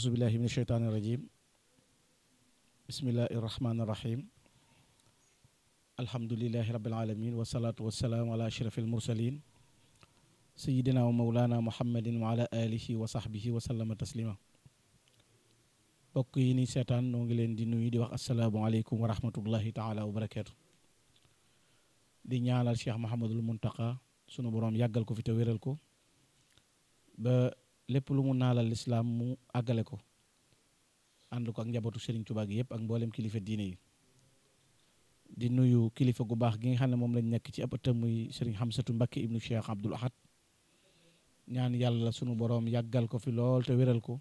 أعوذ بالله من الشيطان الرجيم بسم الله الرحمن الرحيم الحمد لله رب العالمين والصلاة والسلام على أشرف المرسلين سيدنا ومولانا محمد وعلى آله وصحبه وسلم تسليما bokk yi ni seetaan noo ngi leen di nuyu di wax asalaamualeykum wa rahmatullahi taala wa barakaatu di ñaanal Cheikh Mahamadul Muntaqa sunu boroom yàggal ko fi te wéral ko ba lépp lu mu naalal lislaam mu àggale ko ànd ko ak njabootu Serigne Touba gi yëpp ak mbooleem kilifa diine yi di nuyu kilifa gu baax gi nga xam ne moom lañ nekk ci ab ëttam muy Serigne Hamsatu Mbakke ibnu Cheikh Abdoul Ahad ñaan yàlla sunu boroom yàggal ko fi lool te wéral ko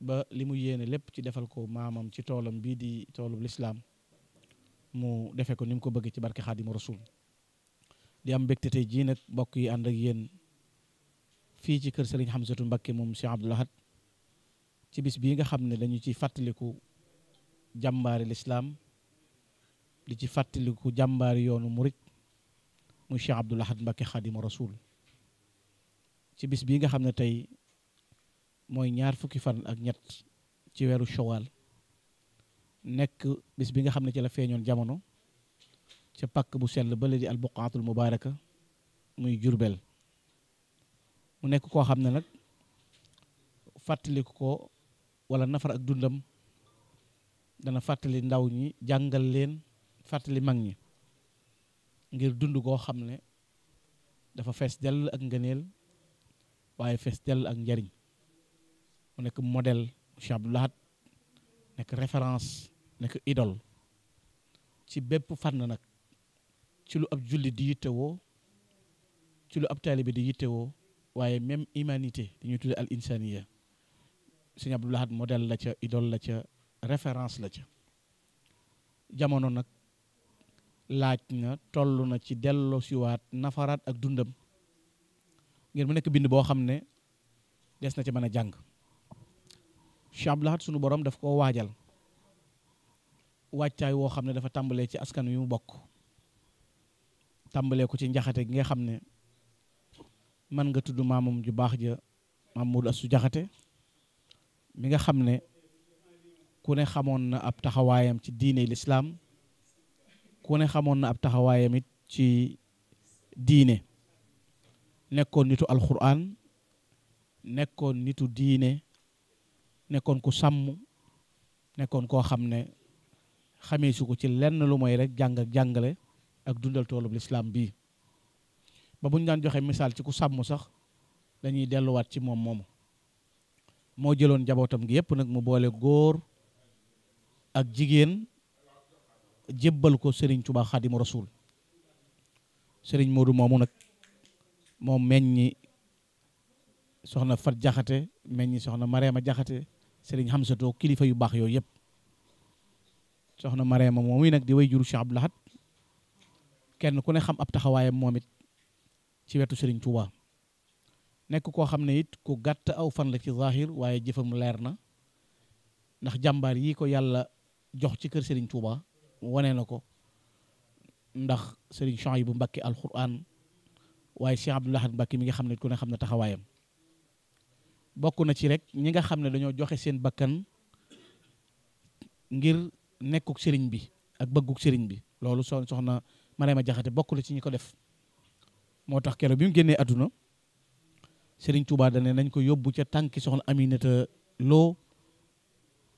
ba li mu yéene lépp ci defal ko maamam ci toolam bii di toolub lislaam mu defe ko ni mu ko bëgg ci barke Xaadimu Rasuul di am mbégte te jii nag mbokk yi ànd ak yéen. fii ci kër Serigne Hamsatu Mbakke moom Cheikh Abdoul Ahad ci bis bii nga xam ne dañu ci fàttaliku jàmbaari lislaam di ci fàttaliku jàmbaari yoonu murit mu Cheikh Abdoul Ahad Mbakke Xaadimu Rasuul ci bis bii nga xam ne tey mooy ñaar fukki fan ak ñett ci weeru Shawal nekk bis bi nga xam ne ci la feeñoon jamono ca pàkk bu sell bële di albuqaatul mubaaraka muy Jurbel mu nekk koo xam ne nag fàttaliku ko walla nafar ak dundam dana fàttali ndaw ñi jàngal leen fàttali mag ñi ngir dund koo xam ne dafa fees dell ak ngëneel waaye fees dell ak njariñ mu nekk model Cheikh Abdou nekk référence nekk idol ci bépp fànn nag ci lu ab julli di yittewoo ci lu ab taalibe di yittewoo waaye même humanité dañuy tudde al insaniya sëñ Abdou Lahad modèle la ca idole la ca référence la ca jamono nag laaj na toll na ci dello siwaat nafaraat ak dundam ngeen mu nekk bind boo xam ne des na ci mën a jàng Cheikh Abdou Lahad sunu borom daf koo waajal waajtaay woo xam ne dafa tàmbalee ci askan wi mu bokk tàmbalee ko ci njaxate gi nga xam ne man nga tudd maamam ju baax ja Mamadou Astou Diakhaté mi nga xam ne ku ne xamoon na ab taxawaayam ci diine lislaam ku ne xamoon na ab taxawaayamit ci diine nekkoon nitu alxuraan nekkoon nitu diine nekkoon ku sàmm nekkoon koo xam ne xamee su ko ci lenn lu mooy rek jàng ak jàngale ak dundal toolub lislaam bii ba bu ñu daan joxe misaal ci ku sàmm sax dañuy delluwaat ci moom moomu moo jëloon jabootam gi yëpp nag mu boole góor ak jigéen jébbal ko Serigne Touba Xaadimu Rasuul sëriñ Modou moomu nag moom meññi soxna Fat Jaxate meññi soxna Marema Jaxate Serigne Xamsatoo kilifa yu baax yooyu yëpp soxna Marema moomu nag di way juru Cheikh Abdou Lahad kenn ku ne xam ab taxawaayam moom it ci wetu sëriñ Touba nekk koo xam ne it ku gàtt aw fan la ci zahir waaye jëfam leer na ndax jàmbaar yi ko yàlla jox ci kër sëriñ Touba wane na ko ndax bu Chouhaïbou Mbacké alquran waaye Cheikh Abdoul Ahad Mbacké mi nga xam ne ku ne xam ne taxawaayam bokk na ci rek ñi nga xam ne dañoo joxe seen bakkan ngir nekkuk sëriñ bi ak bëgguk sëriñ bi loolu soxna Mariama Jaxate bokk na ci ñi ko def moo tax keroog bi mu génnee àdduna Serigne Touba da ne nañ ko yóbbu ca tànki soxna Aminata Lo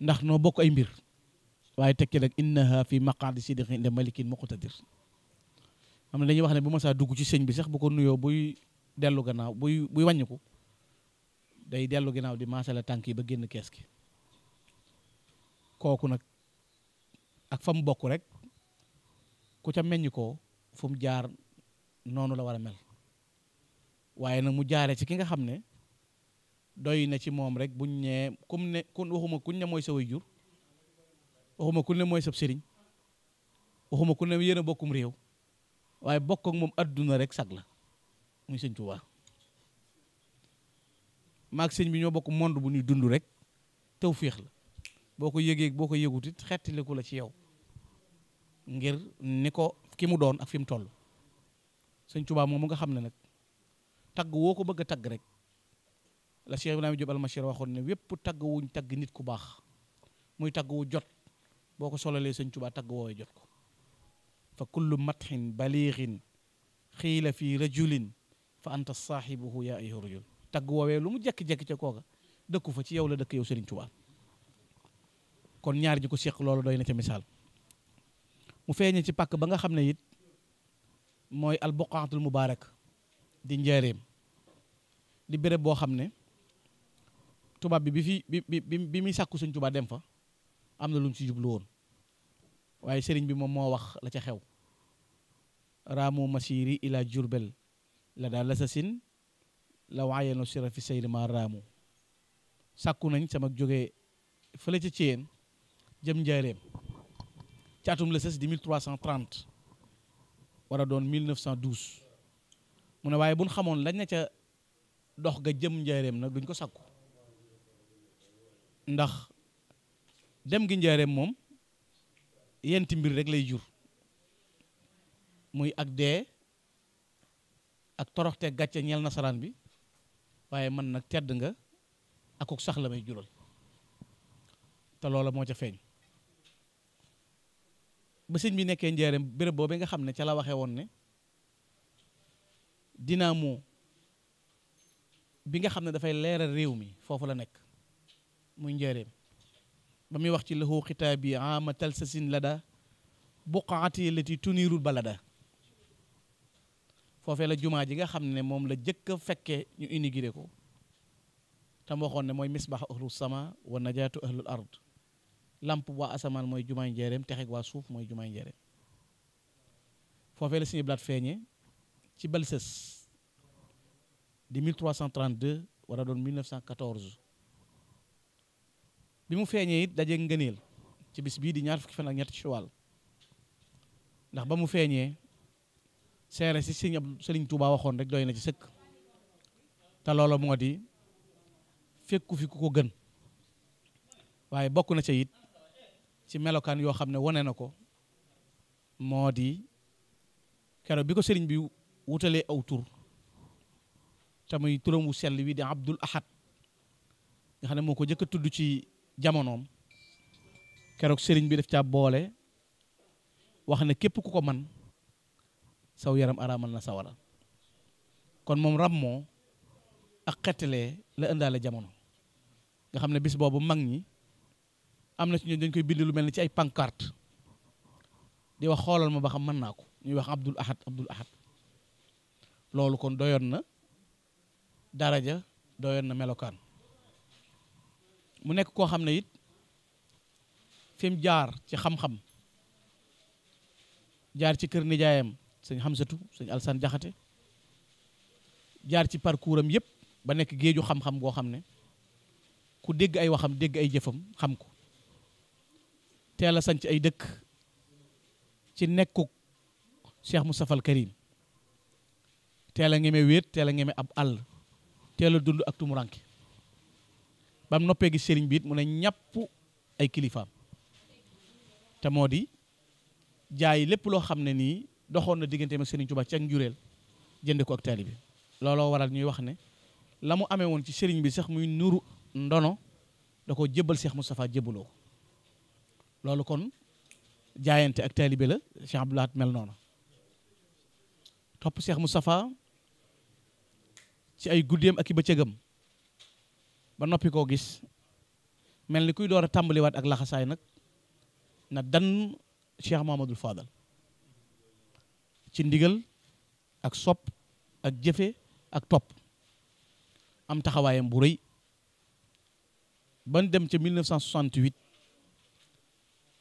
ndax noo bokk ay mbir waaye tekki nag innaha fi maqaadi sidqin inda malikin muqtadir am na dañuy wax ne bu ma saa dugg ci sëñ bi sax bu ko nuyoo buy dellu gannaaw buy buy wàññiku day dellu gannaaw di maasale tànk yi ba génn kees gi kooku nag ak fa mu bokk rek ku ca meññ ko fu jaar noonu la war a mel waaye nag mu jaare ci ki nga xam ne doy na ci moom rek buñ ñee kum ne kun waxuma kuñ ne mooy sa way jur waxuma kun ne mooy sab sëriñ waxuma kun ne yéen a bokkum réew waaye bokk ak moom adduna rek sag la muy sëñ Tuubaa maag sëñ bi ñoo bokk monde bu ñuy dund rek tawféex la boo ko yëgee boo ko yëgut it xettiliku la ci yow ngir ni ko ki mu doon ak fi mu toll sëñ Tuubaa moom mu nga xam ne nag tagg woo ko bëgg a tagg rek la Cheikh Ibrahima Diop Almachir waxoon ne wépp tagg wuñ tagg nit ku baax muy tagg wu jot boo ko solalee sëñ Tuubaa tagg woowee jot ko fa kullu matxin baliixin xiila fi rajulin fa anta saaxibuhu yaa ayyuha rajul tagg woowee lu mu jekki-jekki ca kooka dëkku fa ci yow la dëkk yow sëriñ Tuubaa kon ñaar ñi ko seq loolu doy na ca misaal mu feeñe ci pàkk ba nga xam ne it mooy albuqaatul mubaarak di njaareem di béréb boo xam ne tubaab bi bi fi bi bi bi muy sàkku suñ tubaab dem fa am na lu mu ci jublu woon waaye sëriñ bi moom moo wax la ca xew raamu masiri ila jurbel la daal la sa sin la waayeno sira fi sayri ma raamu sàkku nañ sama jógee fële ca Thièyène jëm njaareem ci atum la sës di 1330 war a doon mu ne waaye buñ xamoon lañ ne ca dox ga jëm njaareem nag duñ ko sakku ndax dem gi njaareem moom yenti mbir rek lay jur muy ak dee ak toroxte gàcce ñeel nasaraan bi waaye mën nag tedd nga akuk sax la may jural te loola moo ca feeñ ba bi nekkee njaareem béréb boobu nga xam ne ca la waxee woon ne dinaa moo bi nga xam ne dafay leeral réew mi foofu la nekk muy njëreem ba muy wax ci lahu xitaab yi ama talsasin lada buqaati lati tunirul balada foofee la jumaa ji nga xam ne moom la jëkk fekke ñu inauguré ko tam waxoon ne mooy misbaax ahlu sama wa najaatu ahlul ard lamp waa asamaan mooy jumaay njeereem texeg waa suuf mooy jumaay njeereem foofee la suñu blaat feeñe ci Belses di 1332 war a doon 1914 bi mu feeñee it daje ngëneel ci bis bii di ñaar fukki fan ak ñetti Chawal ndax ba mu feeñee seere si sëñ ab sëriñ Touba waxoon rek doy na ci sëkk te loolo moo di fekku fi ku ko gën waaye bokk na ca it ci melokaan yoo xam ne wane na ko moo di kero bi ko sëriñ bi wutalee aw tur te muy turam wu sell wii di Abdul Ahad nga xam ne moo ko jëkk a tudd ci jamonoom keroog sëriñ bi def caa boole wax ne képp ku ko man saw yaram araamal na sawara kon moom rab moo ak xettalee la ëndaale jamono nga xam ne bis boobu mag ñi am na ci ñoom dañ koy bind lu mel ni ci ay pancarte di wax xoolal ma ba xam mën naa ko ñuy wax Abdul Ahad Abdul Ahad loolu kon doyoon na daraja doyoon na melokaan mu nekk koo xam ne it fi jaar ci xam-xam jaar ci kër nijaayam sëñ Xamsatu sëñ Alsan Jaxate jaar ci parcours am yëpp ba nekk géeju xam-xam boo xam ne ku dégg ay waxam dégg ay jëfam xam ko teel a sanc ay dëkk ci nekkuk Cheikh Moustapha al Karim teel a ngeme wéet teel a ngeme ab àll teel a dund ak tumuranke bam noppee gi sëriñ biit mu ne ñàpp ay kilifaam te moo di jaay lépp loo xam ne nii doxoon na digganteem ak sëriñ Tuubaa ci ak njureel jënd ko ak taalibe bi looloo waral ñuy wax ne la mu amee woon ci sëriñ bi sax muy nuru ndono da jëbal seex Cheikh Moustapha jébbaloo ko loolu kon jaayante ak taalibe la Cheikh Abdoulahat mel noonu topp Cheikh Moustapha ci ay guddeem ak i bëccëgam ba noppi koo gis mel ni kuy door a tàmbaliwaat ak laxasaay nag na dan Cheikh Mamadou Fadal ci ndigal ak sopp ak jëfe ak topp am taxawaayam bu rëy ban dem ca 1968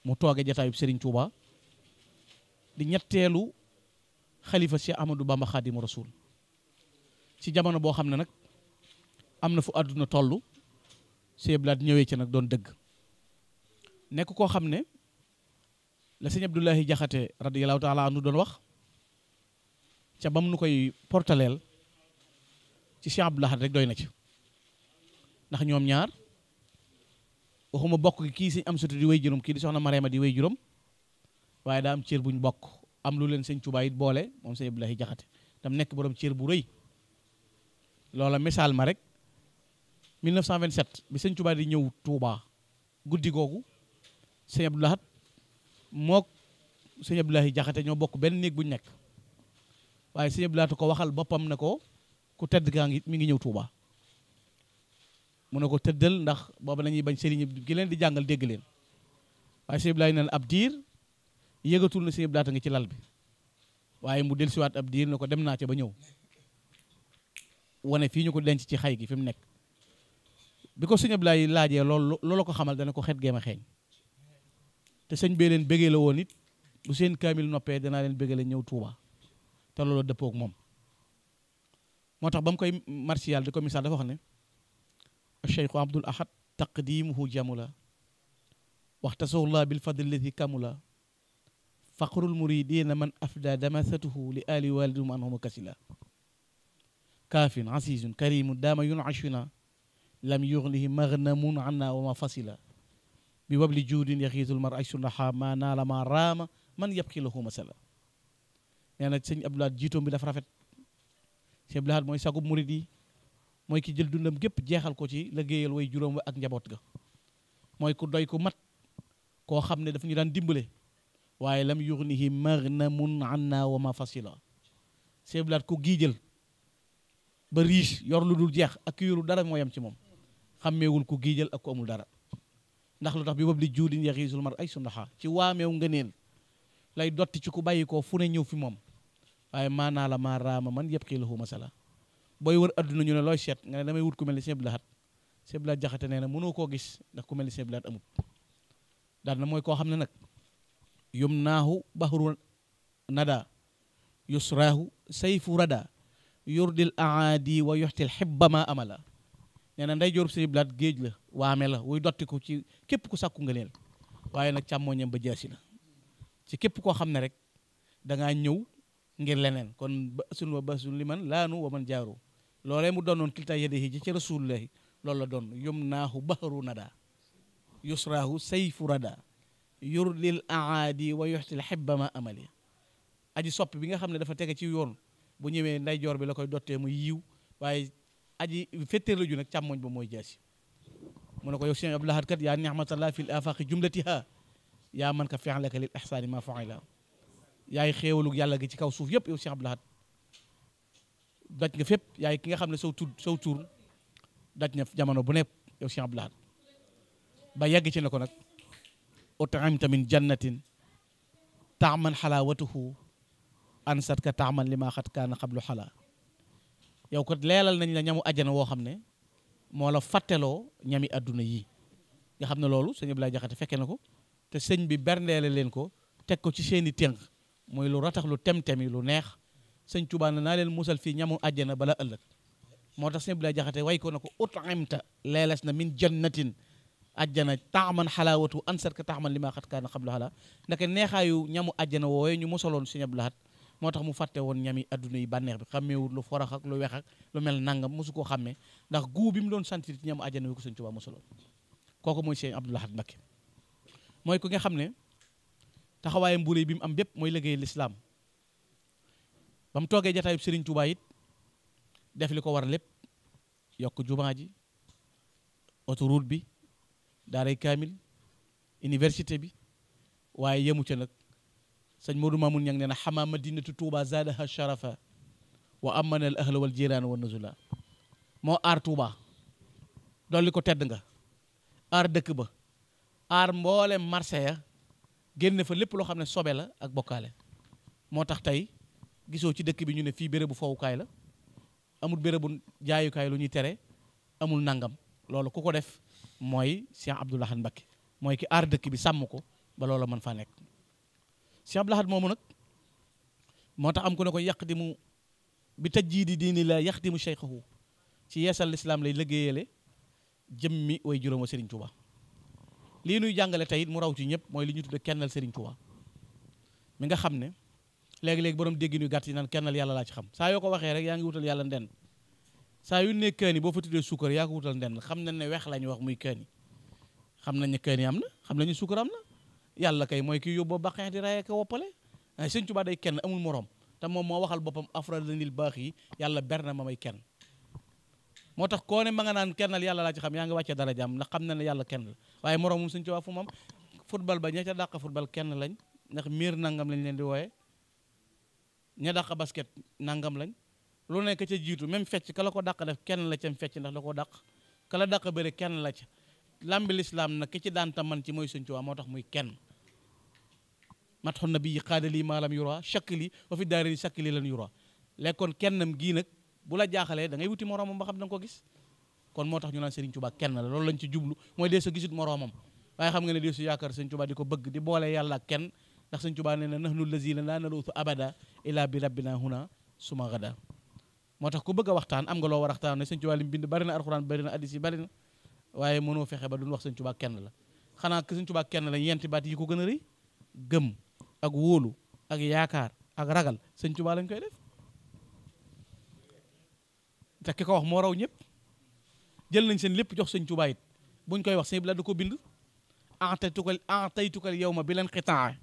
mu tooge jataayub Serigne Touba di ñetteelu xalifa Cheikh Amadou Bamba Khadim Rasoul ci jamono boo xam ne nag am na fu àdduna toll sëñ Abdou Lahad ñëwee ci nag doon dëgg nekk koo xam ne la sëñ Abdoulahi Jaxate radiyallahu taala anu doon wax ca bam nu koy portaleel ci sëñ Abdou Lahad rek na ci ndax ñoom ñaar waxuma bokk kii sëñ am sutu di way juróom kii di soxna Marema di way juróom waaye daa am cër buñ bokk am lu leen sëñ Tuubaa it boole moom sëñ Abdoulahi Jaxate tam nekk borom cër bu rëy loola misaal ma rek 1927 bi sëñ Touba di ñëw Touba guddi googu sëñ Abdou Lahad mook sëñ Abdoulahi Jaxate ñoo bokk benn néeg bu ñu nekk waaye sëñ Abdou ko waxal boppam ne ko ku tedd kaa ngi mi ngi ñëw Touba mu ne ko tëddal ndax booba dañuy bañ sëriñ gi leen di jàngal dégg leen waaye sëñ laay neen ab diir yëgatul na sëñ Abdou ngi ci lal bi waaye mu dellusiwaat ab diir ne ko dem naa ca ba ñëw wane fii ñu ko denc ci xay gi fi mu nekk bi ko sëñ Ablaye laajee loolu loola ko xamal dana ko xet géem a xeeñ te sëñ bee leen bëggee la woon it bu seen kaamil noppee danaa leen bëggee la ñëw Touba te loolu dëppoo moom moo tax ba mu koy marsiyaal di ko misaal dafa wax ne cheikhu abdul ahad taqdimuhu jamula waxtasawullah bil fadl lati kamula faqrul muridina man afda damasatuhu li ali walidum anhuma kasila kaafin asisun karimun daama yun ashuna lam yuxnihi magnamun anna wa ma fasila bi wabli juudin yaxiisul mar aj sulaha ma naala ma raama man yabqi lahu masala nee na sëñ abdulaat jiitoom bi dafa rafet sëñ abdulaat mooy sagub murid yi mooy ki jël dundam gépp jeexal ko ci liggéeyal way juróom wa ak njaboot ga mooy ku doy ku mat koo xam ne dafa ñu daan dimbale waaye lam yuxnihi magnamun anna wa ma fasila sëñ abdulaat ku giijal ba riche yor lu dul jeex ak ku yoru dara moo yam ci moom xàmmeewul ku giijal ak ku amul dara ndax lu tax bi boobu li juulin yaxiisul mar ay sundaxa ci waameew ngëneel lay dotti ci ku bayyi koo fu ne ñëw fi moom waaye naa la maa raama man yëpp xii lahu masala booy wër adduna ñu ne looy seet nga ne damay wut ku mel ni Sëñ Abdou Lahad Sëñ la Lahad jaxate nee na mënoo koo gis ndax ku mel ni Sëñ Abdou Lahad amut daal na mooy koo xam ne nag yum naahu bahru nada yurdil aadi wa yoxtil xibba ma amala nee na nday joor sëñ Blaat géej la waame la wuy dottiku ci képp ku sàkku nga leen waaye nag càmmooñam ba jaasi la ci képp koo xam ne rek dangaa ñëw ngir leneen kon basun wa basun li man laanu wa man jaaru loolee mu doonoon kilta yadihi ji ci rasulillahi loolu la doon yum naahu bahru nada yusrahu sayfu rada yurdil aadi wa yoxtil xibba ma amali aji soppi bi nga xam ne dafa tege ci yoon bu ñëwee ndeyjoor bi la koy dottee muy yiw waaye aji fetteerlu ju nag càmmoñ ba mooy jaasi mu ne ko yow Sëñ Abdou Lahad kat yaa nihmatallah fil afaqi jumlatiha yaa man ka fi'laka lil ihsani ma fa'ila yaay xéewalug yàlla gi ci kaw suuf yëpp yow Sëñ Abdou Lahad nga fépp yaay ki nga xam ne saw tur saw tur daj na jamono bu nekk yow Sëñ Abdou Lahad ba yàgg ci ne ko nag utamta min jannatin taaman xalaawatuhu ansat ka taaman li maa xat kaana xablu xala yow kat leelal nañ la ñamu ajjana woo xam ne moo la fàtteloo ñami adduna yi nga xam ne loolu sëñ Abdoulaye Jaxate fekke na ko te sëñ bi berndeele leen ko teg ko ci seeni ténk mooy lu ratax lu tem-tem yi lu neex sëñ Tuubaa na naa leen musal fii ñamu ajjana bala ëllëg moo tax sëñ Jaxate way ko na ko utimta leeles na min jannatin ajjana taaman xalaawatu ansat ka taaman li maa xat kaana xablu xala ndaka neexaayu ñamu ajjana wooye ñu mosaloon sëñ Abdoulaye moo tax mu fàtte woon ñami àdduna yi bànneex bi xam xàmmeewul lu forax ak lu wex lu mel nangam mosu koo xàmmee ndax guu bi mu doon sentir ci ñam àjjana wi ko sëñ Tuubaa kooku mooy sëñ Abdou Lahad Mbacké mooy ku nga xam ne taxawaaye mbuuré bi mu am bépp mooy liggéey lislaam toogee jataayub sëriñ Tuubaa it def li ko war lépp yokk jumaa ji autoroute bi daaray kaamil université bi waaye yemu ca sëñ Modou Mamoun ñang nee na xamaa madinatu Touba zaadaha sharafa wa am al ahla wal jiraan wa nuzula moo aar Touba dolli ko tedd nga aar dëkk ba aar mboole marché ya génne fa lépp loo xam ne sobe la ak bokkaale moo tax tey gisoo ci dëkk bi ñu ne fii bérébu fowukaay la amul bérébu jaayukaay lu ñuy tere amul nangam loolu ku ko def mooy Cheikh Abdoul Ahad mooy ki aar dëkk bi sàmm ko ba loola mën faa nekk Cheikh Abdou Lahad moomu nag moo tax am ku ne ko yàq di mu bi taj jii dii diini la yàq di mu cheikhahu ci yeesal lislaam lay liggéeyale jëmmi way juróoma Serigne Touba lii nuy jàngale tey it mu raw ci ñëpp mooy li ñu tudde kennal Serigne Touba mi nga xam ne léegi-léegi borom dégg ñu gàtt yi naan kennal yàlla laa ci xam saa yoo ko waxee rek yaa ngi wutal yàlla ndenn saa yu ne kaani boo fa tuddee suukar yaa ko wutal ndenn xam nañ ne weex la ñu wax muy kaani xam nañ ne am xam nañu suukar yàlla kay mooy ki yóbboo baqeex di raye ko woppale eh, sëñ Tuubaa day kenn amul moroom te moom moo waxal boppam afradanil baax yi yàlla ber na ma may kenn moo tax koo ne ma nga naan kennal yàlla laa ci xam yaa ngi wàccee dara jàmm ndax xam na ne yàlla kenn waaye moroomum sëñ Tuubaa fu moom football ba ña ca dàq football kenn lañ ndax miir nangam lañ leen di wooye ña dàq basket nangam lañ loolu nekk ca jiitu même fecc ka la ko daq def kenn la ca fecc ndax la ko daq ka la dàq bëre kenn la ca làmbi lislaam nag ki ci daan ta man ci mooy Sëñ Tuubaa moo tax muy kenn mat xon na bi xaadalii maalam yura shakkili wa fi daari shakkili lan yura lekkoon kennam gii nag bu la jaaxalee da ngay wuti moroomam ba xam da nga ko gis kon moo tax ñu naan Sëriñ Tuubaa kenn la loolu lañ ci jublu mooy dee sa gisut moroomam waaye xam nga ne dee su yaakaar Sëñ Tuubaa di ko bëgg di boole yàlla kenn ndax Sëñ Tuubaa nee na nahnu lazina laa naluutu abada ila bi rabbina huna suma gada moo tax a waxtaan am nga a waxtaan waaye mënoo fexe ba du duñ wax sëñ Tuubaa kenn la xanaa ki sëñ Tuubaa kenn la ñeenti baat yi ko gën a rëy gëm ak wóolu ak yaakaar ak ragal sëñ Tuubaa lañ koy def te ki ko wax moo raw ñëpp jël nañ seen lépp jox sëñ Tuubaa it buñ koy wax sëñ bi la da ko bind tey ataytukal yow ma bi leen xitaa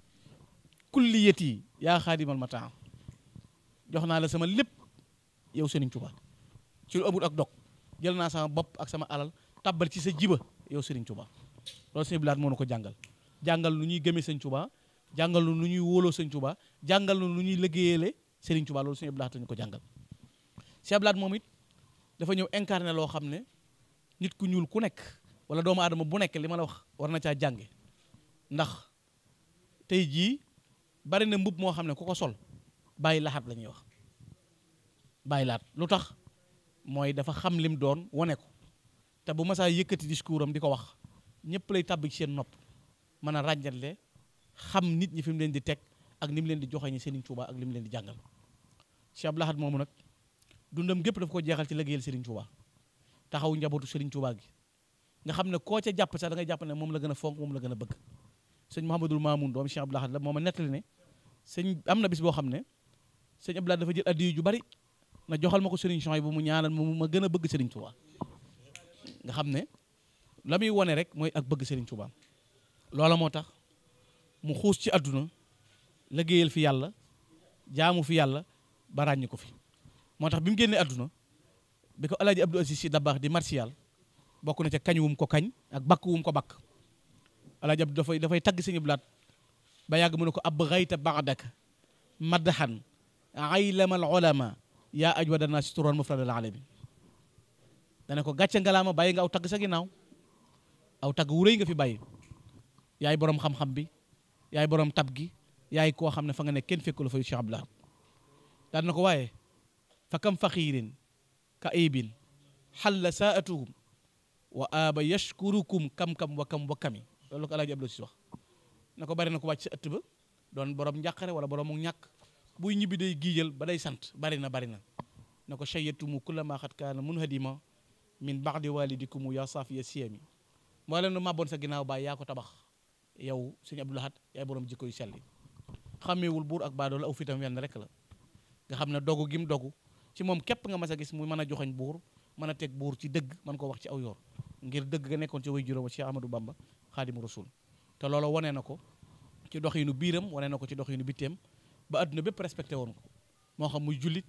kulliyat yi yaa xaadimal mataa jox naa la sama lépp yow sëriñ Tuubaa ci lu amul ak dog jël naa sama bopp ak sama alal tabbal ci sa jiba yow Serigne Touba loolu sëñ bilaat moo na ko jàngal jàngal nu ñuy gëmee sëñ Touba jàngal nu ñuy wóoloo sëñ Touba jàngal ñuy liggéeyale Serigne Touba loolu sëñ bilaat lañu ko jàngal sëñ bilaat moom it dafa ñëw incarné loo xam ne nit ku ñuul ku nekk wala doomu aadama bu nekk li ma la wax war na caa jànge ndax tey jii bari na mbub moo xam ne ku ko sol bàyyi laxaat la ñuy wax bàyyi laat lu tax mooy dafa xam lim doon wane ko te bu masaa yëkkati discours am di ko wax ñëpp lay tàbb ci seen nopp mën a ràññatle xam nit ñi fi mu leen di teg ak ni mu leen di joxe ñi Serigne Touba ak li mu leen di jàngal Cheikh Abdou Lahad moomu nag dundam gépp daf jeexal ci liggéeyal Serigne Touba taxaw njabootu Serigne Touba gi nga xam ne koo ca jàpp sax da ngay jàpp ne moom la gën a fonk moom la gën a bëgg sëñ Mouhamadul Mamoun doom Cheikh Abdou Lahad la moo ma nettali ne sëñ am na bis boo xam ne sëñ Abdou Lahad dafa jël addiya bari na joxal ma ko Serigne Chouaïbou bu mu ñaanal ma ma gën a bëgg Serigne Touba nga xam ne la muy wone rek mooy ak bëgg Serigne Touba loola moo tax mu xuus ci àdduna liggéeyal fi yàlla jaamu fi yàlla ba ràññi ko fi moo tax bi mu génnee àdduna bi ko alaaji Abdou Aziz Sy Dabakh di martial bokk na ci kañ wum ko kañ ak bakk wum ko bakk alaaji Abdou dafay dafay tagg Serigne Blaat ba yàgg mu ne ko ab rayta baxdaka maddaxan aylamal olama yaa ajwada naasi turan mufradal bi dana ko gàcce ngalaama bàyyi nga aw tagg sa ginnaaw aw tagg wu rëy nga fi bàyyi yaay borom xam-xam bi yaay borom tab gi yaay koo xam ne fa nga ne kenn fekkul fa yu Cheikh Abdoulaye daan na ko waaye fa aba yashkurukum kam-kam wa kam wa kami ko Alaaji Abdu Si wax na ko bari na ko wàcc sa ëtt ba doon borom njàqare wala borom mu buy ñibbi day giijal ba day sant bari na bari na na ko kulla ma xat kaana mun hadima min ba'di walidikum yaa safiya siyami mboolem nu màbboon sa ginnaaw baay yaa ko tabax yow sëñ Abdou Lahad yaay borom jikko yu sell xàmmeewul buur ak baadoola aw fitam na rek la nga xam ne dogu gim dogu ci moom képp nga mas a gis mu mën a joxeñ buur mën a teg buur ci dëgg mën koo wax ci aw yoon ngir dëgg nga nekkoon ci way juróoma Cheikh Amadou Bamba xaadimu rasul te loolu wane na ko ci doxinu biiram wane na ko ci doxinu bitteem ba adduna bépp respecté woon ko moo xam muy jullit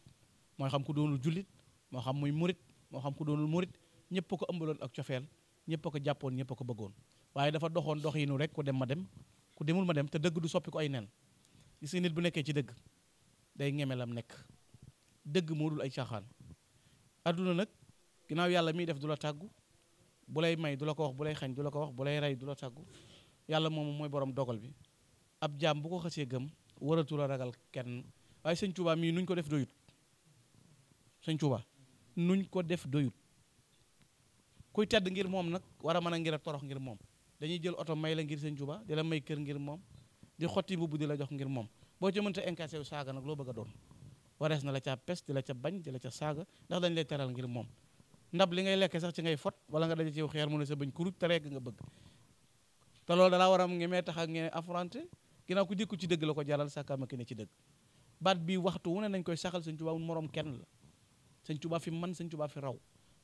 moo xam ku doonul jullit moo xam muy murit moo xam ku doonul murit ñëpp ko ëmbaloon ak cofeel ñëpp ko jàppoon ñëpp ko bëggoon waaye dafa doxoon doxiinu rek ku dem ma dem ku demul ma dem te dëgg du soppi ko ay nen gis nit bu nekkee ci dëgg day ñeme lam nekk dëgg moo dul ay caaxaan. adduna nag ginnaaw yàlla miy def du la tàggu bu lay may du la ko wax bu lay xañ du la ko wax bu lay rey du la tàggu yàlla moom mooy boroom dogal bi ab jaam bu ko xasee gëm waratu la ragal kenn waaye sëñ Tuubaa mii nuñ ko def doyut sëñ nuñ ko def doyut kuy tedd ngir moom nag war a mën a ngir a torox ngir moom dañuy jël oto may la ngir sëñ Tuuba di la may kër ngir moom di xotti bu la jox ngir moom boo ci mënta incassé wu saaga nag loo bëgg a doon warees na la ca pes di la ca bañ di la ca saaga ndax dañ lay teral ngir moom ndab li ngay lekke sax ci ngay fot wala nga daje ci xeer mu ne sa bañ kuruj te rekk nga bëgg te loolu dalaa war am nge mee tax ak nge affronté ginnaaw ku jikku ci dëgg la ko jaral sàkkaama ki ne ci dëgg baat bi waxtu wu ne nañ koy saxal sëñ Tuuba moroom kenn la sëñ Tuuba fi man sëñ Tuuba fi raw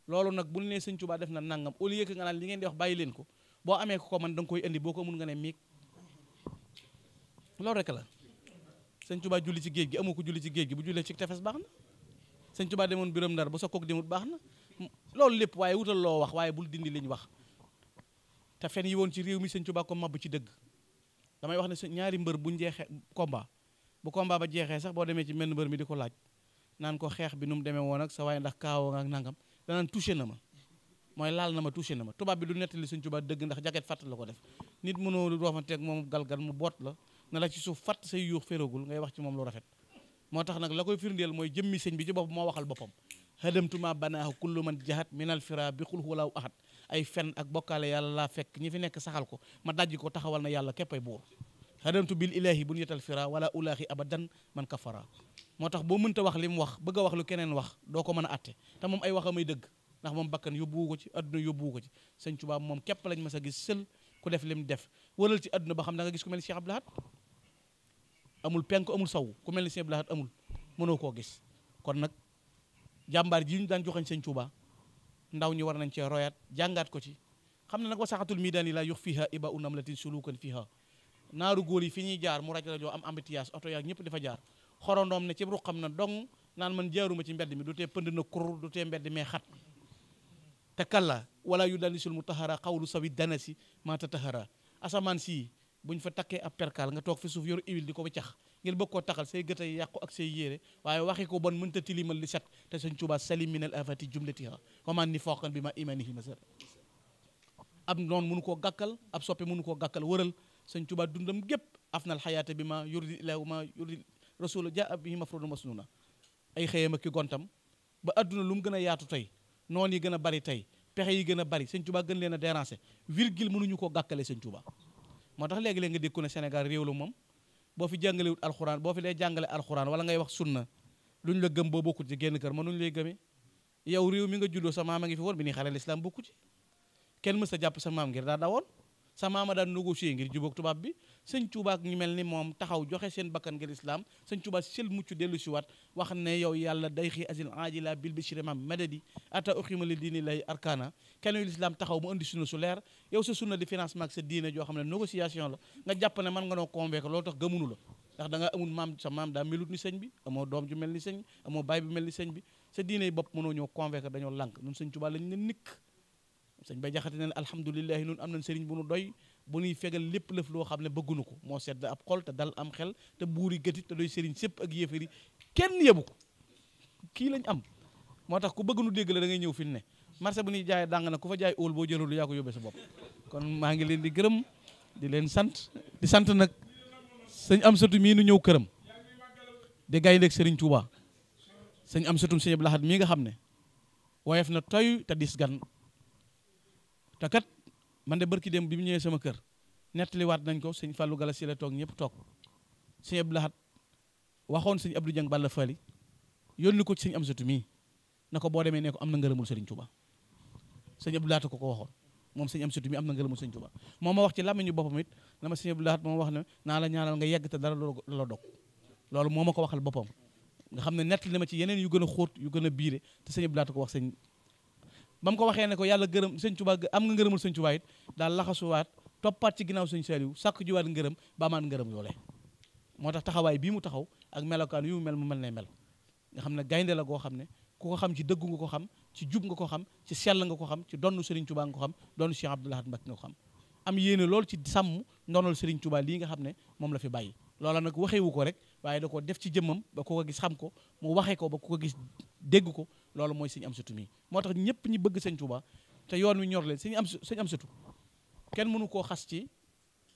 loolu nag bu ñu nee sëñ Tuubaa def na nangam au lieu que nga naan li ngeen di wax bàyyi leen ko boo amee ko ko man da koy indi boo ko mun nga ne miig loolu rek la sëñ julli ci géej gi amoo ko julli ci géej gi bu jullee ci tefes baax na sëñ Tuubaa demoon biram ndar bu sa kook demut baax na loolu lépp waaye wutal loo wax waaye bul dindi liñ wax te fen yi woon ci réew mi sëñ Tuubaa ko mabbu ci dëgg damay wax ne su ñaari mbër bu jeexee komba bu komba ba jeexee sax boo demee ci menn mbër mi di ko laaj naan ko xeex bi nu demee woon ak sa waaye ndax kaawoo ak nangam danaan touché na ma mooy laal na ma touché na ma tubaab bi du nettali suñ tubaab dëgg ndax jaket fàtt la ko def nit mënoo roofanteeg moom galgal mu boot la na la ci suuf fàtt say yuux féroogul ngay wax ci moom lu rafet moo tax nag la koy firndeel mooy jëmmi sëñ bi ci bopp moo waxal boppam hadamtuma banaahu kullu man jahat minal fira bi xul walaw ahad ay fen ak bokkaale yàlla laa fekk ñi fi nekk saxal ko ma dajji ko taxawal na yàlla képpay buur xadamtu bil ilahi bu yetal fira wala ulaahi abadan man kafara moo tax boo mënta wax li mu wax bëgg a wax lu keneen wax doo ko mën a atte te moom ay waxamay dëgg ndax moom bakkan yóbbuwu ko ci adduna yóbbuwu ko ci sëñ Tuubaa moom képp lañ mas a gis sël ku def lim def wëral ci adduna ba xam da nga gis ku mel ni Cheikh Abdou Lahad amul penk amul saw ku mel ni Cheikh Abdou amul mënoo koo gis kon nag jàmbaar ji ñu daan joxañ sëñ Tuubaa ndaw ñi war nañ cee royaat jàngaat ko ci xam ne nag wa saxatul mii daan yi laa yux fiiha iba u namlatin sulukan naaru góor yi fi ñuy jaar mu rajo rajoo am embouteillage oto yaag ñëpp dafa jaar xorondoom ne ci ruqam na dong naan man jaaruma ci mbedd mi du tee pënd na kur du tee mbedd mee xat te kalla wala yu danisul mu taxara xawlu sawi danasi maa ta taxara asamaan sii buñ fa takkee ab perkaal nga toog fi suuf yoru huile di ko wiccax ngir bëgg koo taxal say gët ay yàqu ak say yére waaye waxi ko bon mënta tilimal li set te sëñ Tuubaa salim a afati jumlatiha waman ni fooqan bi ma imanihi masar ab noon mënu koo gàkkal ab soppe mënu koo gàkkal wëral sëñ Tuubaa dundam gépp af nal xayaata bi ma yurdi ilaahu ma yurdi rasula jaa ma mafrudu na ay xëyam ak ki gontam ba adduna lu mu gën a yaatu tey noonu yi gën a bari tey pexe yi gën a bari sëñ Tuubaa gën leen a déranger virgule mënuñu ko gàkkale sëñ Tuubaa moo tax léegi-léeg nga dégg ko ne Sénégal réew la moom boo fi jàngalewut alxuraan boo fi dee jàngale alxuraan wala ngay wax sunna luñ la gëm boo bokkut ci génn kër mënuñ lay gëmee yow réew mi nga juddoo sa maam a ngi fi woon bi ni xare lislaam bokku ci kenn mës a jàpp sa maam ngir daa sa maama daan négocier ngir jubóog tubaab bi sëñ Tuubaa ak mel ni moom taxaw joxe seen bakkan ngir islaam sëñ Tuubaa sel mucc dellu si waat wax ne yow yàlla day xi asil ajila bil bishri ma madadi ata uximali diini lay arkana kenn yu lislaam taxaw mu indi sunna su leer yow sa sunna di financement ak sa diine joo xam ne négociation la nga jàpp ne mën nga noo convaincre loolu tax gëmunu la ndax da nga amul maam sa maam daa melut ni sëñ bi mel ni sëñ bi mel ni sëñ bi sa diine yi bopp mënoo ñoo convaincre dañoo lànk ñun sëñ Tuubaa lañ ne nikk sëñ bay jaxate ne alhamdulilahi nun am nañ sëriñ bu nu doy bu nuy fegal lépp lëf loo xam ne bëggunu ko moo sedd ab xol te dal am xel te buuri gëti te doy sëriñ sépp ak yéefari kenn yebu ko kii lañ am moo tax ku bëgg nu dégg la da ngay ñëw fi ne marché bu ñuy jaay dàng na ku fa jaay óol boo jëlul yaa ko yóbbee sa bopp kon maa ngi leen di gërëm di leen sant di sant nag sëñ am satu mii nu ñëw këram di gayndeeg sëriñ Touba sëñ am satum sëñ Abdou Lahad mii nga xam ne woyof na toy te dis gan te kat man de barki dem bi mu ñëwee sama kër nettaliwaat nañ ko sëñ Fallou Gala si la toog ñëpp toog sëñ Abdou Lahat waxoon sëñ Abdou Dieng Balla Fali yónni ko ci sëñ Amsatu mii na ko boo demee ne am na ngërëmul sëriñ Touba sëñ Abdou Lahat ko ko waxoon moom sëñ Amsatu mii am na ngërëmul sëriñ Touba moom ma wax ci làmmiñu boppam it na ma sëñ Abdou wax ne naa la ñaanal nga yegg te dara la dog loolu moo ma ko waxal boppam nga xam ne nettali ma ci yeneen yu gën a xóot yu gën a biire te sëñ Abdou Lahat ko wax sëñ ba mu ko waxee ne ko yàlla gërëm sëñ Tuubaa am nga ngërëmul sëñ Tuubaa it daal laxasuwaat toppaat ci ginnaaw sëñ sàkk juwaat ngërëm ba amaat ngërëm loole moo tax taxawaay bii mu taxaw ak melokaan yu mel mu mel na mel nga xam ne gaynde la goo xam ne ku ko xam ci dëggu nga ko xam ci jub nga ko xam ci sell nga ko xam ci donn Serigne Touba nga ko xam donnu Cheikh Abdoul Ahad Mbacké nga ko xam am yéene lool ci sàmm ndonol Serigne Touba lii nga xam ne moom la fi bàyyi loola nag waxewu ko rek waaye da ko def ci jëmmam ba ku ko gis xam ko mu waxee ko ba ku ko gis dégg ko loolu mooy am Amsatu mi moo tax ñëpp ñi bëgg sañ Tuuba te yoon wi ñor leen sëñ am sëñ Amsatu kenn mënu koo xas ci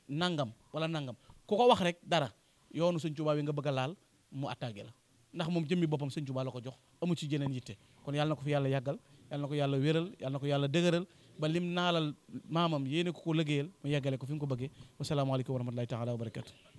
nangam wala nangam ku ko wax rek dara yoonu sëñ Tuuba wi nga bëgg laal mu attaqué la ndax moom jëmmi boppam sëñ Tuuba la ko jox amu ci jeneen yitte kon yàlla ko fi yàlla yàggal yàlla na ko yàlla wéral yàlla na ko yàlla dëgëral ba lim naalal maamam yéene ko ko liggéeyal mu yeggale ko fi mu ko bëggee wasalaamaaleykum wa rahmatullahi taala